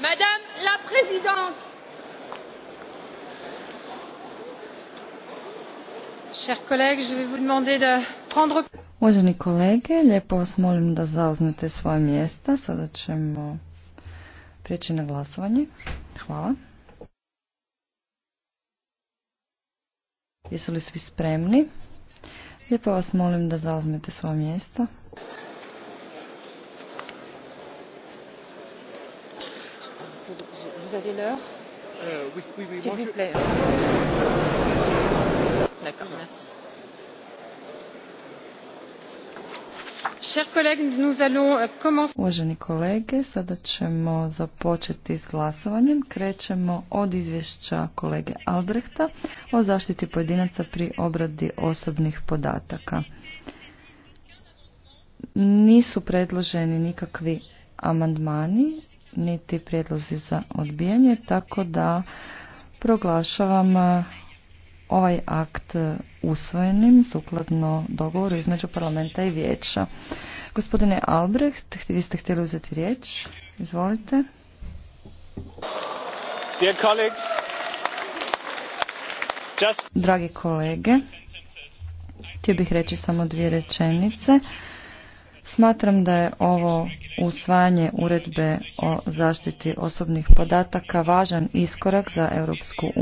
Madame la Présidente, chers collègues, je vais vous demander de prendre... Uvaženi kolege, lijepo vas molim da zauzmete svoje mjesta. Sada ćemo prijeći na glasovanje. Hvala. Jesu li svi spremni? Lijepo vas molim da zauzmete svoje mjesta. vous avez l'heure Uvaženi kolege, sada ćemo započeti s glasovanjem. Krećemo od izvješća kolege Albrehta o zaštiti pojedinaca pri obradi osobnih podataka. Nisu predloženi nikakvi amandmani, niti prijedlozi za odbijanje, tako da proglašavam e, ovaj akt e, usvojenim sukladno dogovoru između parlamenta i vijeća. Gospodine Albrecht, vi ste htjeli uzeti riječ. Izvolite. Dragi kolege, htio bih reći samo dvije rečenice. Smatram da je ovo usvajanje uredbe o zaštiti osobnih podataka važan iskorak za Europsku